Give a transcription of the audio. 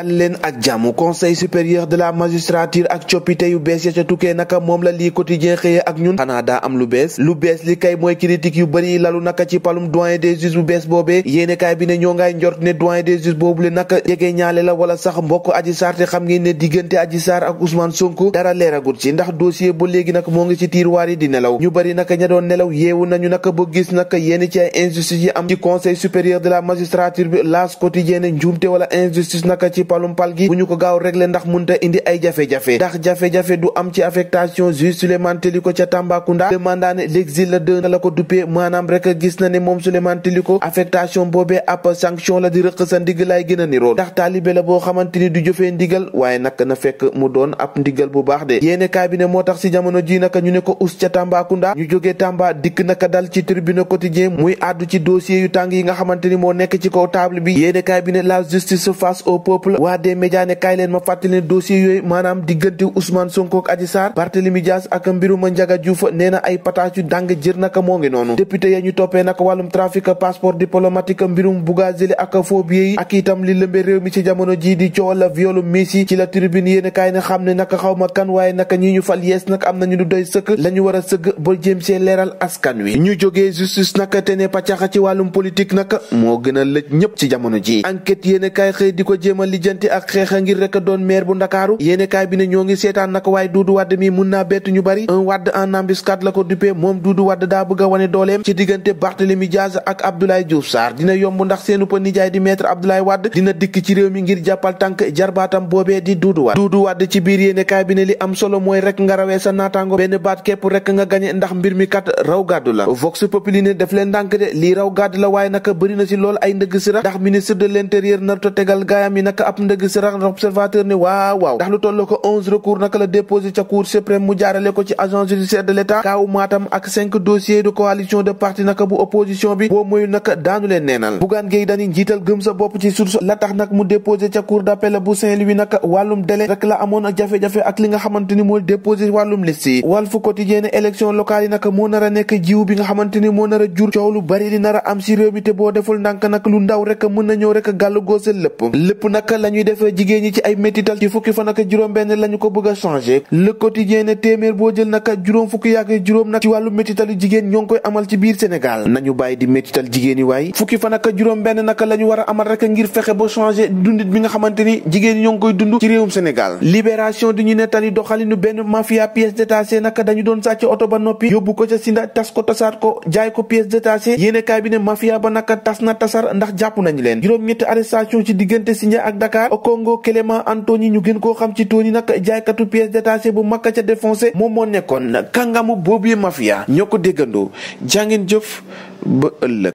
dal leen ak jàmm conseil supérieur de la magistrature ak coppite yu bees ya ca tukkee naka moom la lii quotidien xëyee ak ñun xanaa daa am lu bees lu bees li kay mooy critique yu bëri lalu naka ci palum bu bees boobee yéenekaay bi ne ñoo ngay njort ne boobu le naka jege ñaale la wala sax mbokk Adji Sarr te xam ngeen ne diggante Adji Sarr ak Ousmane Sonko dara leeragut ci ndax dossier ba léegi nag moo ngi ci tiroir yi di nelaw ñu bëri naka ña doon palum-pal gi bu ñu ko gaaw régler ndax munta indi ay jafe-jafe ndax jafe-jafe du am ci affectation juge Souleymane Teliko ca Tambacounda le mandat ne l'exil la dëna la ko duppee maanaam rek gis na ne moom Souleymane Teliko affectation boobee ab sanction la di rëq sa ndigg laay gën a nirool ndax taalibe la boo xamante du jëfee ndigal waaye nag na fekk mu doon ab ndigal bu baax de yéene kaay moo tax si jamono ji naka ñu ne ko us ca Tambacounda ñu waa des médias ne kaay leen ma fàttali ne dossier yooyu maanaam diggante Ousmane Sonko ak Adji Sarr ak mbiruma Ndiaga Diouf nee na ay pataas yu dàng jër naka moo ngi noonu député ya toppee naka wàllum trafic passeport diplomatique mbirum Bougazeli ak faux billets yi ak itam li lëmbe réew mi ci jamono ji di coow la violu Messi ci la tribune yéen kaay ne xam ne naka xaw kan waaye naka ñi ñu fal yees nag am na lu doy sëkk la ñu war a sëgg ba jéem see leeral askan wi ñu jógee justice naka te ne pàccaxa ci wàllum politique naka moo gën a lëj ñëpp ci jamono ji enquête lijjanti ak xeexa ngir rek a doon maire bu ndakaaru yéenekaay bi ne ñoo ngi seetaan naka waaye Doudou Wade mi mun naa bett ñu bari un Wade en embuscade la ko duppee moom Doudou Wade daa bëgg a wane dooleem ci diggante Barthélemy Diaz ak Abdoulaye Diouf Sarr dina yomb ndax seenu pa nijaay di maître Abdoulaye Wade dina dikk ci réew mi ngir jàppal tànk jarbaatam boobee di Doudou Wade ci biir yéenekaay bi ne li am solo mooy nga rawee sa naataango benn baat képp rek ndëgg si rax l'observateur ni waaw waaw ndax lu toll onze recours naka la déposé ca cour mu jaarale ko ci agence judiciaire de l'état kaawu ak cinq dossiers de coalition de parti naka bu opposition bi boo moyu naka daanu leen neenal bugaan géey dani njiital gëm sa bopp ci source la tax nag mu déposé ca cour bu Saint-Louis naka wàllum délai rek la amoon ak jafe-jafe ak li nga xamante ni moo déposé wàllum liste yi Walf Quotidien élection locale yi naka moo nar nekk jiw bi nga xamante ni moo nar a jur coow lu bari li nar a am si lu ndaw rek mën na ñëw rek gàllu góosal lépp lépp nañuy defee jigéen ñi ci ay métital ci fukki fan ak juróom benn lañu ko bëgg a changé le quotidien ne téeméer boo jël naka juróom fukki yàgg juróom nag ci wàllu métitalu jigéen ñoo ngi koy amal ci biir Sénégal nañu bàyyi di métital jigéen yi waay fukki fan ak juróom benn naka la ñu war a amal rek ngir fexe ba changé dundit bi nga xamante ni jigéen ñi ñoo ngi koy dund ci réewum Sénégal libération di ñu nettali doxalinu benn mafia pièces détachées naka dañu doon sàcc oto ba noppi yóbbu ko ca Sinda tas ko tasaat ko jaay ko pièces détachées yéene kaay bi ne mafia ba naka tas na tasar ndax jàpp nañu leen juróom ñetti arrestation ci diggante Sinda Dakar Okongo Clément Antony ñu gën koo xam ci Tony nag jaaykatu pièces détachées bu mag ca défoncé moom moo nekkoon kàngamu boobu mafia ñoo ko déggandoo jàngeen jëf ba ëllëg